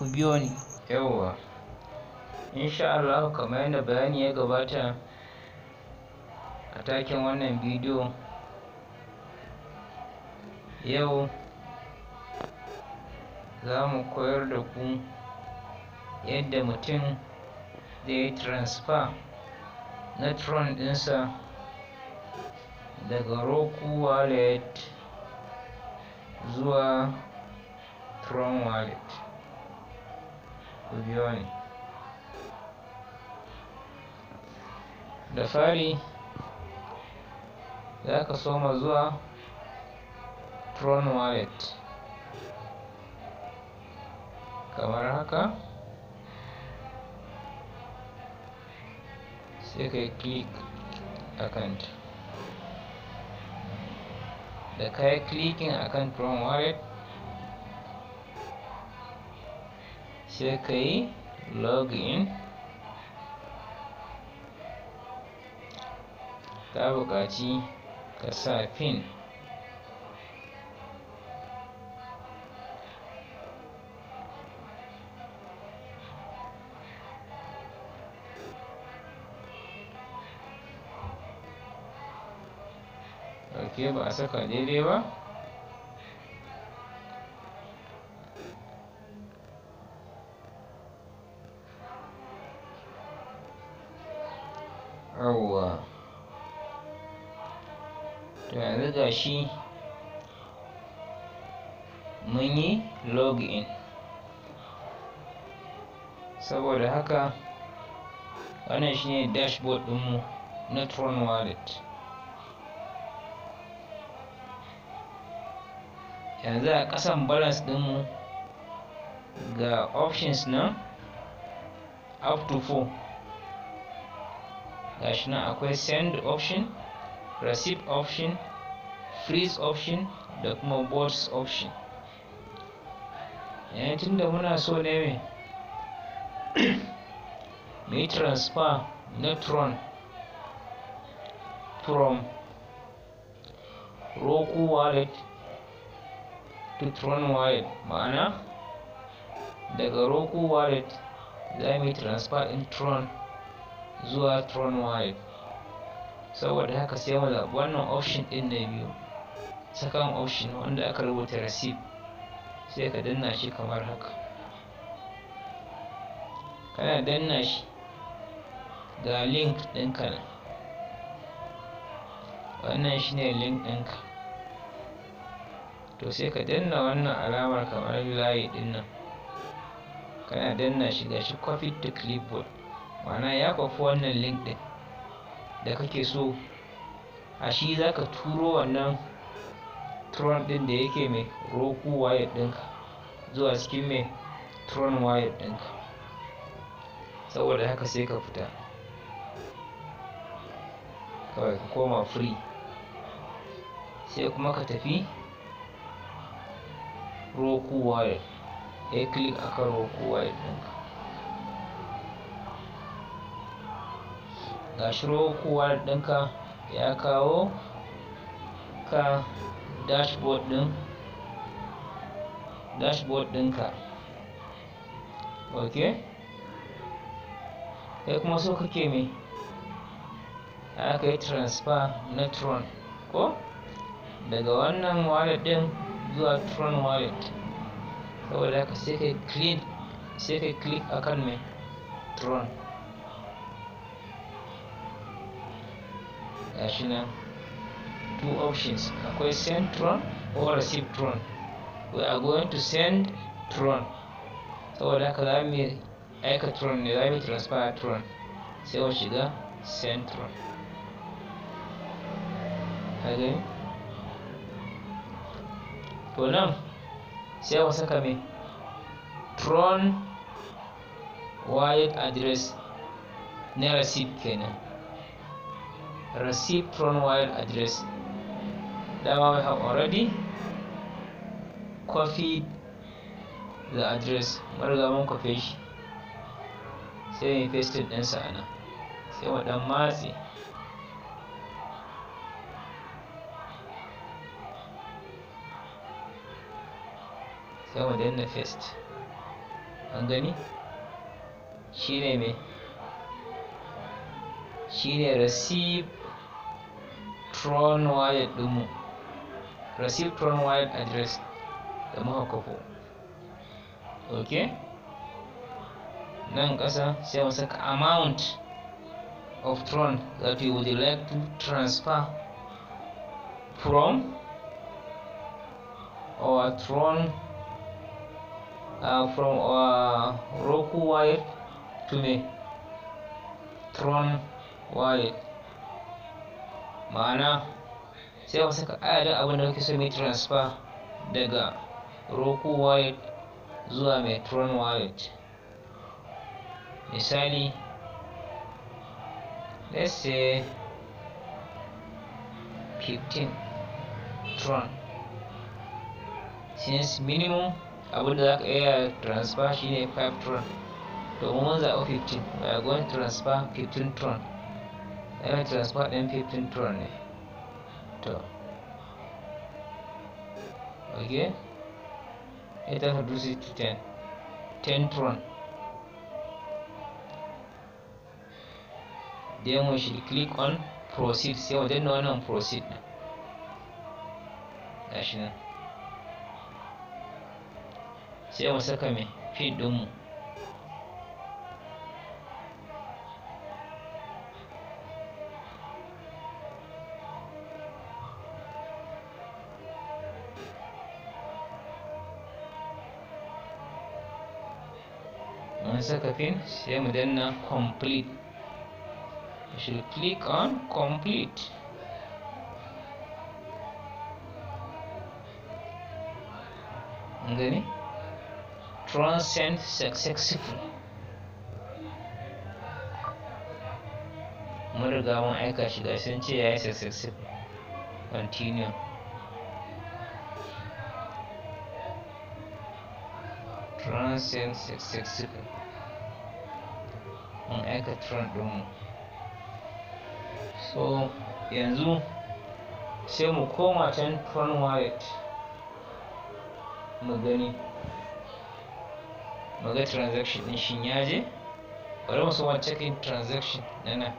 ku biyo ni yawwa insha Allah kamar yadda bayani ya gabata a takin wannan bidiyo yau za mu koyar da ku yadda mutum zai yi transfer na tron ɗinsa daga roku wallet zuwa tron wallet biyo ne da fari za ka soma zuwa tron wallet kamar haka sai ka yi click account da ka yi clicking account tron wallet sai ka login ta buƙaci ka sa pin ok ba a saka daidai ba to yanzu ga shi mun yi login saboda haka wannan shine dashboard ɗinmu na tron wallet yanzu a kasan balance ɗinmu ga options na up to 4 gashi nan akwai send option receive option freeze option da kuma bots option yayin eh, tunda muna so ne mai mai transfer neutron from roku wallet to tron wallet ma'ana daga roku wallet za mu transfer in tron zuwa tron wallet saboda haka sai mu zaɓi wannan option ɗin na biyu second option wanda aka rubuta receipt sai ka danna shi kamar haka kana danna shi ga link ɗinka nan wannan shine link ɗinka to sai ka danna wannan alamar kamar layi ɗin nan kana danna shi ga shi copy to clipboard ma'ana ya kwafi wannan link ɗin da kake so a shi zaka turo wannan tron ɗin da yake mai roku wire ɗinka zuwa cikin mai tron wire ɗinka saboda haka sai ka fita kawai ka koma free sai kuma ka tafi roku wire ya click akan roku wire ɗinka ga shiro kuwa ɗinka ya kawo ka dashboard ɗin dashboard ɗinka ok kai kuma so kake mai aka yi transfer na tron ko daga wannan wallet ɗin zuwa tron wallet saboda haka sai kai click akan mai tron gashi nan two options akwai send tron or receive tron we are going to send tron saboda haka za mu aika tron ne za mu transfer tron sai wa shiga send tron okay. to nan sai mu saka mai tron wide address na receive kenan receive from while addressing. Now we have already copied the address. Mariga mun shi. Sai mu paste din sa anan. Sai mu dan matse. Sai mu danna paste. An gani? Shine me? Shine receive Tron Wyatt ɗinmu receive Tron wire address da muka kafo ok nan ƙasa sai mu saka amount of Tron that you would like to transfer from our Tron uh, from our Roku wire to me Tron wire. ma'ana sai ka saka adadin abin da kake so mai transfer daga roku wallet zuwa metron wallet misali let's say 15 tron since minimum abin da za ka iya transfer shine 5 tron domin mun zaɓi 15 we are going to transfer 15 tron air transfer ɗin 15 tron ne to ok ya ta reduce to 10 10 tron then we should click on proceed sai wajen da wannan proceed ɗin gashi nan sai mu saka mai feed ɗinmu mu saka pin sai mu danna complete you should click on complete gani transcend successful mun riga mun aika shi ga sun ce yayi successful continue transcend successful in aika trend ɗinmu so yanzu sai mu koma can tron wallet mu gani mu ga transaction ɗin shin ya je bari mu soma checking transaction na nan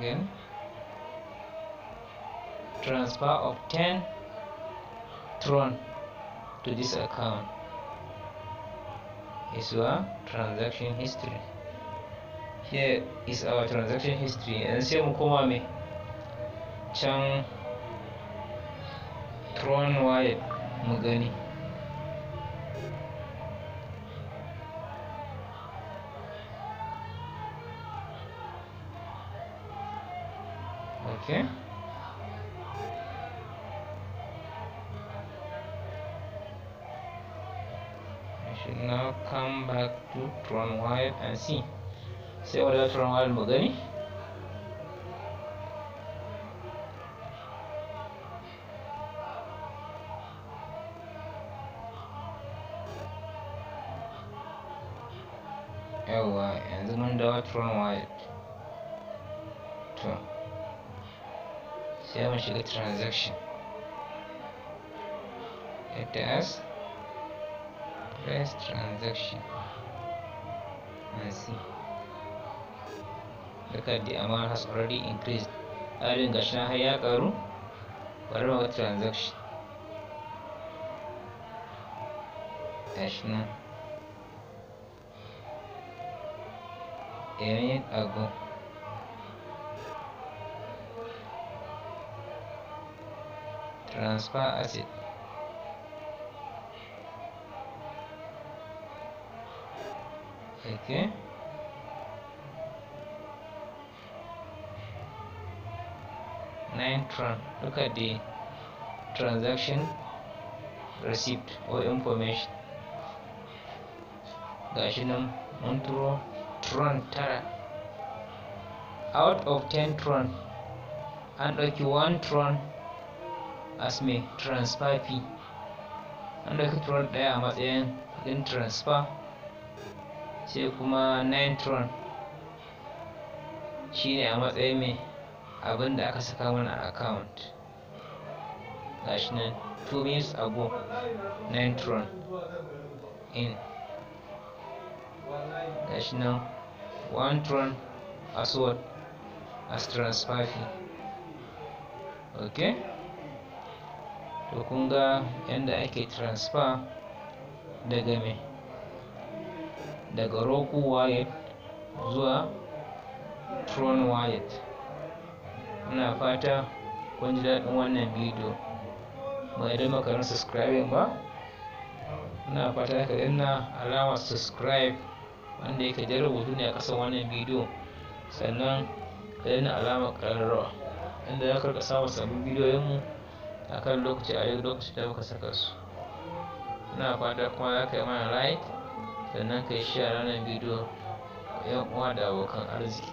gani transfer of 10 tron to this account is your transaction history here is our transaction history and sai mu koma mai can tron wire mu gani okay from Y and see. say else from المغني yawa yanzu mun dawo tron wallet to sai mu shiga transaction it has press transaction I see. Look at the amount has already increased. Are you gonna share here, Karu? What about the transaction? Ashna. Any ago. Transfer asset. okay nine tron look at the transaction receipt or information gashi nan mun turo tron tara out of 10 tron an ɗauki 1 tron as me transfer fee an ɗauki tron ɗaya a matsayin transfer sai kuma nitron shine a matsayin mai abin da aka saka mana a account shi nan 2 minutes ago nitron in shi nan one tron as what as transfer fee to kun ga yadda ake transfer daga mai daga Roku wyatt zuwa Tron wyatt Muna fata kun ji daɗin wannan bidiyo. Ba idan baka yi subscribing ba, muna fata ka danna alama subscribe wanda yake da rubutu ne a ƙasar wannan bidiyo. Sannan ka danna alama ƙararrawa inda za ka samun sabbin bidiyoyinmu a kan lokaci a yau lokaci da muka saka su. Muna fata kuma za ka yi mana like. sannan ka yi ranar wannan bidiyo yan uwa da abokan arziki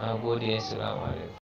na gode ya salamu alaikum